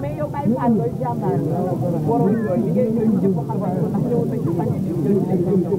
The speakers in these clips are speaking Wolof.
Medio bypass, llamar. Por un día, yo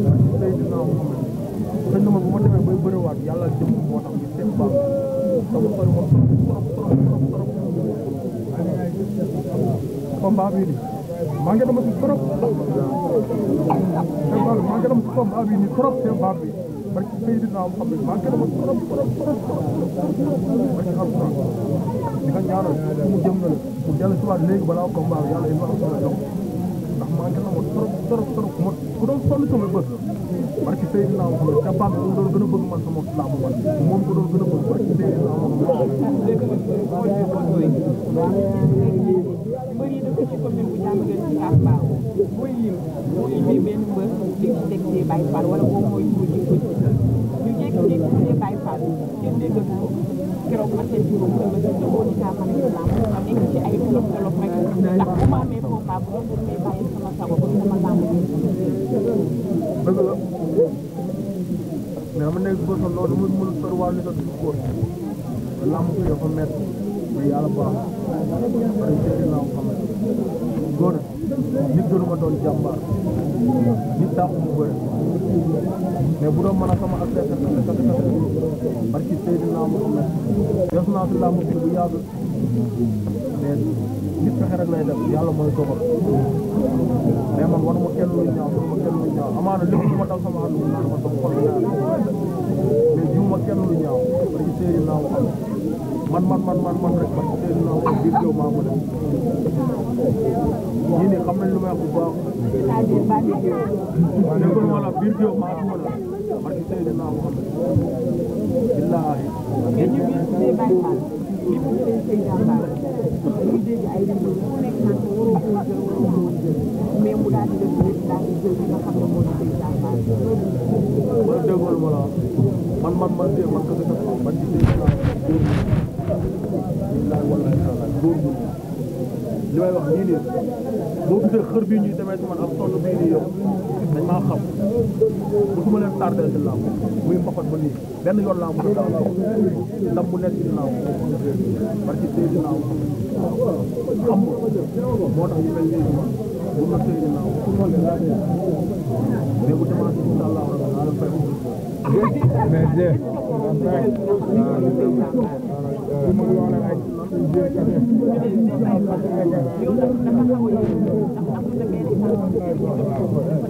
Seydina Mohamed xëy na man bu ma demee bay bëriwaat yàlla jëm moo tax ñu seen baax dama sori woon trop trop trop trop combat bii nii maa ngi dem si trop seen baax maa ngi dem si combat bii nii trop seen baax bi barki Seydina Mohamed maa ngi dem trop trop trop barki alquran di ko ñaanal mu jëm na mu dellu si waat léegi balaa combat bi yàlla yéen a manqué na ma trop trop trop ma ku doon sonn sama bët parce que Seydina Mohamed ca bàgg ku doon gën a bëgg man sama laabu man moom ku doon gën a bëgg parce que Seydina Mohamed mbër dëkk ci commune bu Diamaguène Sicap Mbao booy lim boo limee benn mbër di ci teg see Baye Fall wala boo mooy ko di ko jiital ñu jékki-jékki see Baye Fall ngeen déggal ko keroog ak seen juróom ba nga gis ne boo di kaa mën a ci ay tolof rek papa bu doon may bàyyi sama sago ba sama làmb bi. dëgg la mais xam nga nekk góor sax loolu mën mën a soriwaale li nga dugg góor làmb bi dafa métti mais yàlla baax ay jëri laa xam góor nit doonu ma doon jàmbaar mu bëri mais bu doon mën a sama ak sa sa sa parce que nit pexe rek lay def yàlla mooy dogal mais man waruma kenn lu ñaaw waruma kenn lu ñaaw amaana lépp lu ma dal sama àll bi naan ma sama xol la mais jiwuma kenn lu ñaaw parce que séeri naa waxal man man man man man rek parce que séeri naa waxal biir jëw maa ma def ñii nii xam nañ lu may wax bu baax nekkul ma la biir jëw maa duma la parce que séeri naa waxal billaahi ñu dégg ay rajo fu nekk naan ko waroo koo jël waroo koo jël mais mu daal di def lépp daal di jël li nga xam ne moo di koy jàmbaar. wala déggoo ma la man man man de man kese kese man ci dégg naa góor ñi laaj wala laaj góor ñi li may wax nii nii boo gisee xër bii ñuy demee ci man ak sonn bii nii yow. taxaw bu ma leen tardeel ci làmb muy mbapat ba nii benn yoon làmb bu daaw ndam bu nekk ci làmb parce que tey dinaaw am moo tax ñu mel nii bu ma tey dinaaw mais bu demaatee incha allah rabbi la fay mais je Thank you.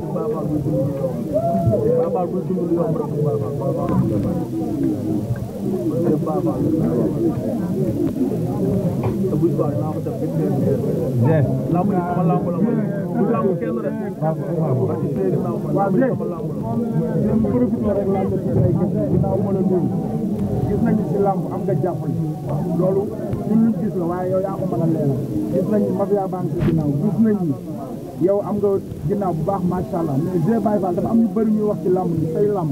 du baabaal buy dund lu yomb baabaal buy dund lu yomb rek du baabaal te buy baax naa ko def bi teel teel lamb ji sama lamb la ma du lamb kenn rek parce que tey naa ko lamb ji sama lamb la ñu profité rek lamb ji tey ginnaaw ma la nuyu gis nañu si lamb am nga jàppale loolu ñun ñu gis la waaye yow yaa ko mën a leeral gis nañu mafia baa ngi si ginnaaw gis nañu yow am nga ginnaaw bu baax macha allah mais G Baye Fall dafa am ñu bëri ñuy wax ci làmb ni say làmb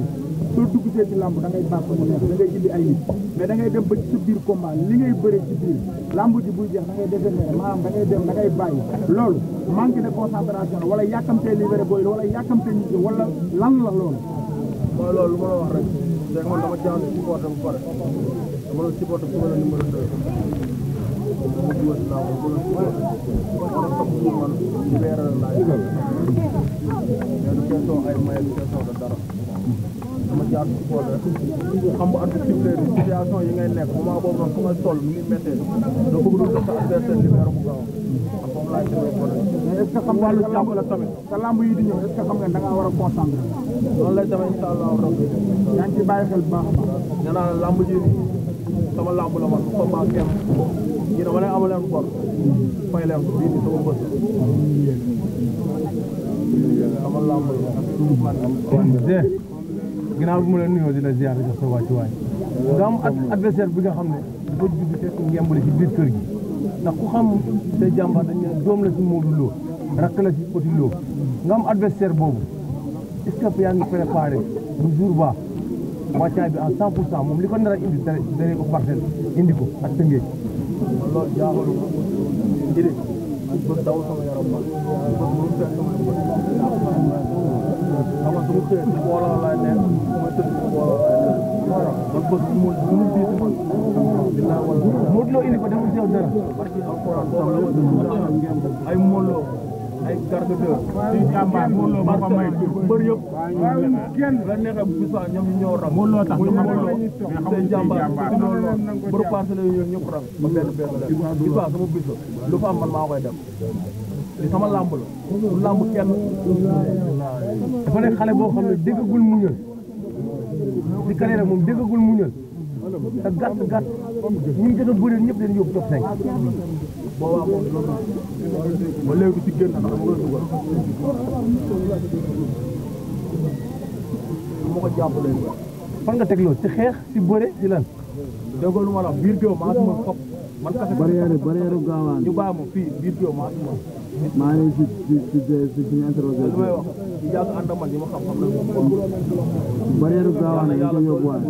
soo duggsee ci làmb da ngay bàq mu neex da ngay indi ay nit mais da ngay dem ba ci biir combat li ngay bëri ci biir làmb jeex da ngay defee ne maanaam da ngay dem da ngay bàyyi loolu manque de concentration wala yàkkamtee libéré wala yàkkamtee nit wala lan la loolu mooy loolu lu ma la wax rek dégg nga man dama jaan supportam pare dama la supportam su ma la numéro 2 xam nga arbitre sifflé situation yi ngay nekk moment boobu noonu fu nga toll mu ngi méttee doo bëgg doon sa adversaire di weer bu gaaw am foofu laay jëlee problème mais est-ce que xam wàllu jàpp la tamit sa lamb yi di ñëw est-ce que xam nga da ngaa war a concentré noonu lay demee incha allah rabbi yaa ngi ci bàyyi xel bu baax a baax nee naa lamb ji nii sama làmb la man combat kenn ñu dama leen amaleen bor mu leen nuyoo di la ziar jox sa wàccuwaay nga am adversaire bi nga xam ne dafa judd fekk ngembale ci biir kër gi ndax ku xam say jàmbaar dañ ne doom la ci Modou Lo rakk la ci Petit Lo nga am boobu est yaa ngi préparé bu jour ba wàccaay bi en cent pour cent moom li ko nar indi dara dara ko parcelle indi ko ak tëngéej mu mu diis indi ko deful si yow dara ay garde de ci tamba mo lo ba ko may tur beur yeb kenn la bu sa ñom ñoo ram mo lo tax mo lo mais xam jambar mo lo beur passe la ñoo ñep ram ba ben ben ci sama ya, lu fa am man ma koy dem li sama lamb la lamb di kale mom te gàtt gàtt ñi gën a bëri ñëpp leen yóbbu top 5. boobaa moom loolu ba léegi fan nga teg loolu ci xeex ci bëre ci lan. déggoo lu ma la biir maa ngi mën man kafe barrière barrière gaawaan ñu bàyyi ma fii biir Diop maa ngi moom. maa ngi si si si si si interrogé. li may wax di yàgg ànd ak man li ma xam-xam la moom. barrière gaawaan yi ñu yóbbuwaat.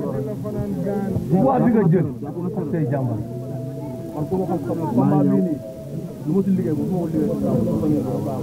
poids bi nga jël. tey jàmbaar. man ku ma xam-xam la combat bii nii. lu ma si liggéey bu ma ko liggéey waaw.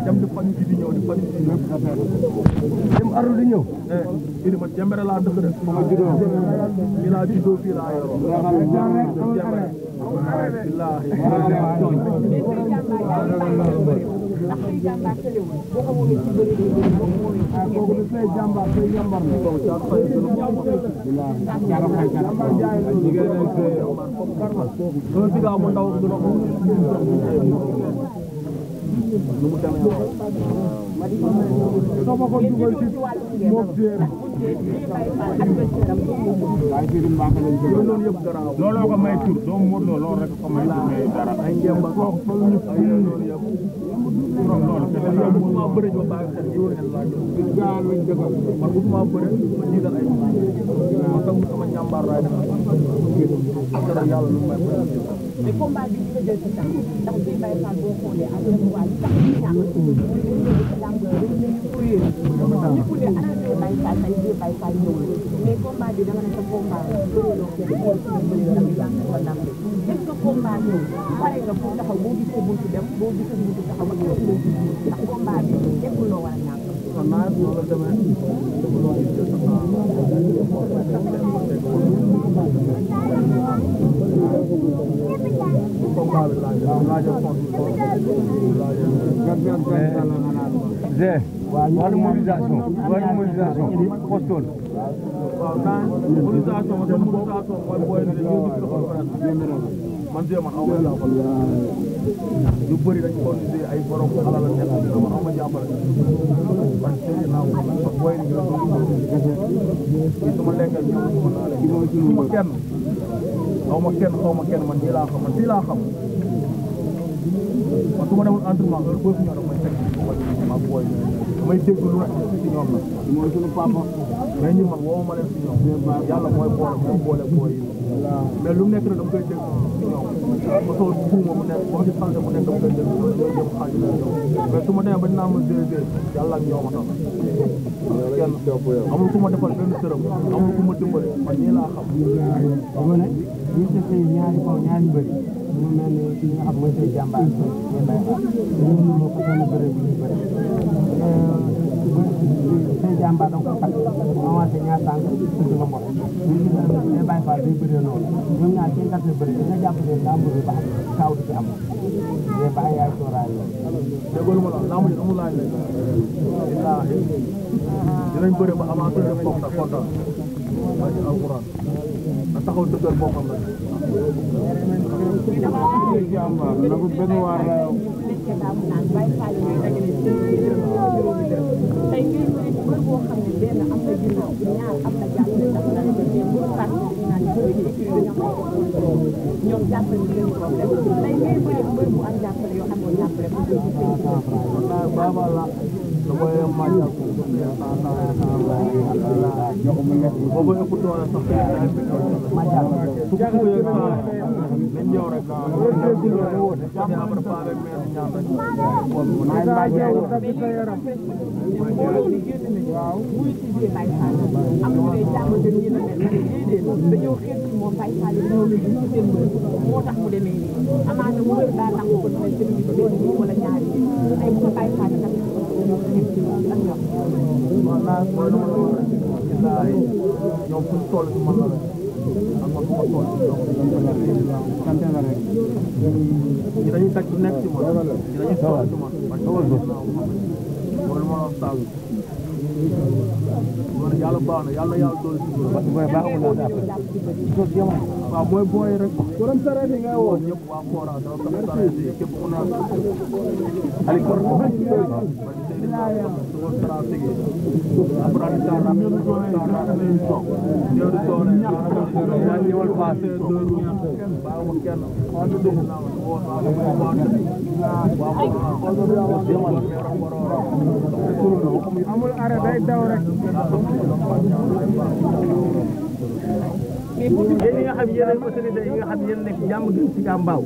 dem di fan ji di ñëw di fan ji di dem aru di ñëw eh ini ma jembere la dëkk def ma jiddo ni la jiddo fi la yoro jembere billahi jambal Não muda nada. Só para continuar, morrer. loolu yëpp dara looloo ko may tur doomu Modou Lo loolu rek ko may tur mais dara ay njëmba ko ñu loolu yëpp turam loolu te dara bu ma bëre ñu baax xel yoon la gaal lañ dëgg man bu ma bëre ma jiital ay ma tam sama njàmbaar laay def ak dara yàlla lu may bëre mais combat bi dina jël sa temps ndax bi bay fa boo xoolee ak lu waa li tax ñu ñàkk ñu ñu lamb ñu ñu ñu ñu ñu ñu ñu ñu ñu ñu ñu bay fay ñëw mais combat bi dama ne sa combat bëriloo kenn boo ci bëri la nga yàq ko ndam est-ce que combat ñëw pare nga pour taxaw boo gis sa buntu dem boo gis sa buntu taxaw ak yow moo gis ndax combat bi lépp loo war a ñàkk xam naa noonu la demee lépp loo gis jël sax combat bi laaj laajal force bi laajal gan gan gan la nga naan wàllu mobilisation wàllu mobilisation postoon. waaw naa mobilisation man mobilisation mooy booy na ñu gis man de man aw ma jàppale ñu bëri dañ ko tuddee ay borom alal la nekk dina ma aw ma jàppale parce que naa ko man booy na ñu la doon ko ci sama lekkal ñoom su ma naa la ci ma kenn xaw ma kenn xaw ma kenn man nii laa xam man nii laa xam man su ma demul entraînement heure boobu ñoo dama teg ma booy may dégg lu nekk ci ñoom la. mooy suñu papa. mais ñu man woo ma leen si ñoom. yàlla mooy boole moo boole booy yi. mais lu nekk nag da nga koy dégg si ñoom. ba tool buuma mu nekk boo ci xale mu nekk da nga koy dégg loolu da nga koy xaaj la ñoom. mais su ma demee ba dinaa ma déedéet yàlla ak ñoom a tax. kenn amul ku ma defal benn sërëm amul ku ma dimbali man nii laa xam. dama ne ñu defee ñaari kaw ñaari bëri. ñu mel ni ki nga xam mooy say jàmbaar ñu bay xaar. ñu mën a ko bëri bu ñu bëri. tey jàmbaar da nga ko takk ma wante ñaar tànk ci sama mbokk ñu ngi gis ne day bàyyi fa day bëree noonu ñoom ñaar seen kàttan bëree da nga jàpp ne daa am bëree baax kaaw di ci am mais baax yaay sooraay loolu déggoo lu ma la wax laa mujj amul laaj la illaa dinañ bëri ba avant def foofu nag kontaan ma ci alquran na taxaw dëggal boppam rek jàmbaar na ko benn waar kër boo xam ne benn am na ginnaaw ñaar am na jàpp ndax lan la ñu ko fàtte ñu naan bëri ñoom jàppale seen problème tey ngay bëri mbër bu am jàppale yoo xam ne jàppale bu dul ci seen problème. Suku ya kan. Menjauh rek. Jangan berpaling menjauh rek. Main baja udah bisa ya rek. Wow. Muy ci biir Baye Fall. Am na ay jàmm dañ ñu ne déedéet dañoo xeet ci moom Baye Fall yi ñoo leen ci seen mbër moo tax mu demee nii. Amaana mu mbër daa nangu ko dina ci biir benn nit wala ñaari nit. Tey bu ko Baye Fall tam ñu xeet ci moom lan nga wax. Wallaay mooy lu ma la wax rek. Billaay ñoom fuñ toll ci man la rek. ñu dañuy tag nekk ci moom ñu dañuy toog ci moom borom Saalum loolu yàlla baax na yàlla yàlla doon si borom. booy baaxul la waaw mooy booy rek. borom sareet yi ngay woo ñëpp waa Kora dama ko def sareet yi képp ku naan. Aliou Kora moom lañ si doon waaw. man Seydou Ndiaye moom su ko trafiqué. après daal daal dañuy toog daal dañuy toog. ñëw di toog rek ñaar ñaar ñëwal paas. baaxul kenn. waaw waaw waaw. amul arrêt day daw rek yéen ñi nga xam yi nga xam yéen nekk jàmm gën ci Gàmbaaw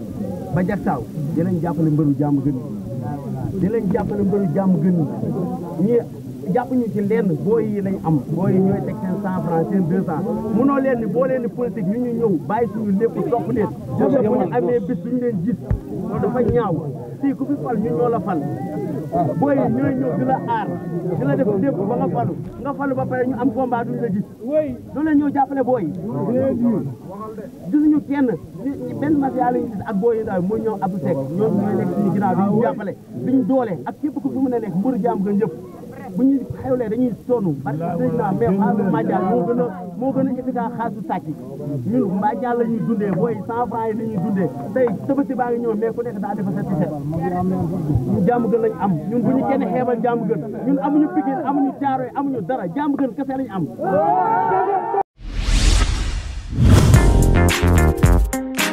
ba Jaksaaw di leen jàppale mbëru jàmm gën di leen jàppale mbëru jàmm gën ñi jàpp ñu ci lenn booy yi lañ am booy yi ñooy teg seen cent franc seen deux cent munoo leen ni boo leen ni politique ñu ñu ñëw bàyyi suñu lépp topp leen bu ñu amee bis suñu leen gis loolu dafa ñaaw fii ku fal ñu ñoo fal booy yi ñooy ñëw di la aar di a def lépp ba nga falu nga falu ba pare ñu am combat duñ la gis loolu la ñëw jàppale booy yi gisuñu kenn benn matériel lañu gis ak booy yi daal mooy ñoom abu Seck ñoom ñooy nekk suñu ginnaaw di ñu jàppale di doole ak képp ku fi mën a nekk mbëru jaam gën yëpp bu ñu xewlee dañuy sonn parce que président mais xaalis Madial moo gën a moo gën a efficace xaalisu sàcc ñun ma la ñuy dundee booy cent francs yi la ñuy dundee tey tëbati baa ngi ñëw mais ku nekk daa defa sa tiset ñu jàmm gën lañ am ñun bu ñu kenn xeebal jàmm gën ñun amuñu Pikine amuñu Thiaroye ñu dara jàmm gën kese lañ am